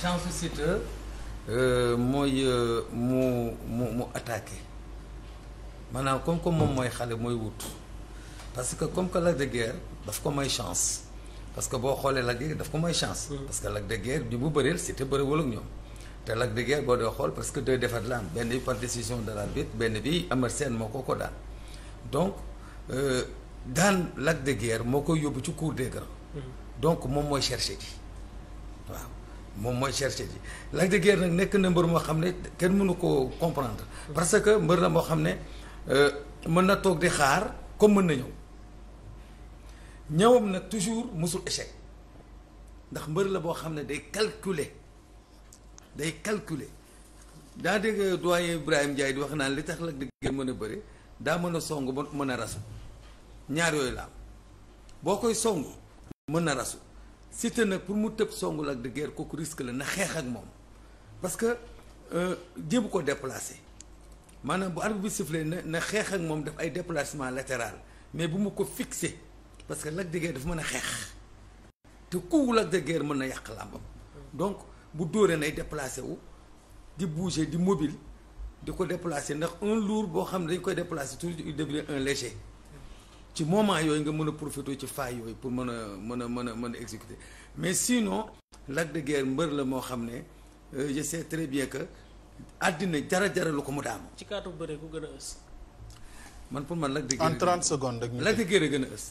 chance Siteu euh, mooy euh, mu mu mu attaqué maanaam comme que moom mooy xale mooy wut parce que comme que Lac de Guiers daf ko may chance parce que boo xoolee Lac de Guiers daf ko may chance mm. parce que Lac de Guiers ñu mu bëreel Siteu bëriwul ak ñoom te Lac de Guiers boo dee xool parce que deux defar la am benn bi par décision de la l'arbitre benn bi Amar Sène moo ko ko daan donc euh, daan Lac de Guiers moo koy yóbbu ci cour des grands mm. donc moom mooy cherché waaw moom mooy cherché ji Lac de nag nekk na mbër moo xam ne kenn mënu ko comprendre parce que mbër la moo xam ne euh, mën na toog di xaar comme mën na ñëw ñëwam nag toujours mosul échec ndax mbër la boo xam ne day calculer day calculer daa dégg doyen Ibrahima Ndiaye di wax naan li tax Lac de Guiers mën a bëri daa mën a song mën a rasu ñaar yooyu la boo koy song mën na rasu Siteu nag pour mu tëb songul ak de guerre kooku risque la na xeex ak moom parce que euh, jébu ko déplacé maanaam bu arbitre bi sifflé na na xeex ak moom def ay déplacement latéral mais bu mu ko fixé parce que Lac de dafa mën a xeex te ku Lac de mën na yàq làmbam donc bu dóoree nay déplacé wu di bouger di mobile di ko déplacé ndax un lour boo xam ne dañ koy déplacé toujours il devient un léger ci moment yooyu nga mën a profité ci faay yooyu pour mën a mën a mën a mën a exécuter mais sinon Lac de Guiers mbër la moo xam ne euh, je sais très bien que àddina jara jaralu ko mu daanu. ci kaatu bëre ku gën a ës. man pour man Lac de en 30 secondes rek. Lac de a gën a ës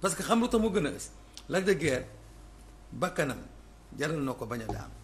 parce que xam lu tax mu gën a ës Lac de Guiers jaral noo ko bañ a daanu.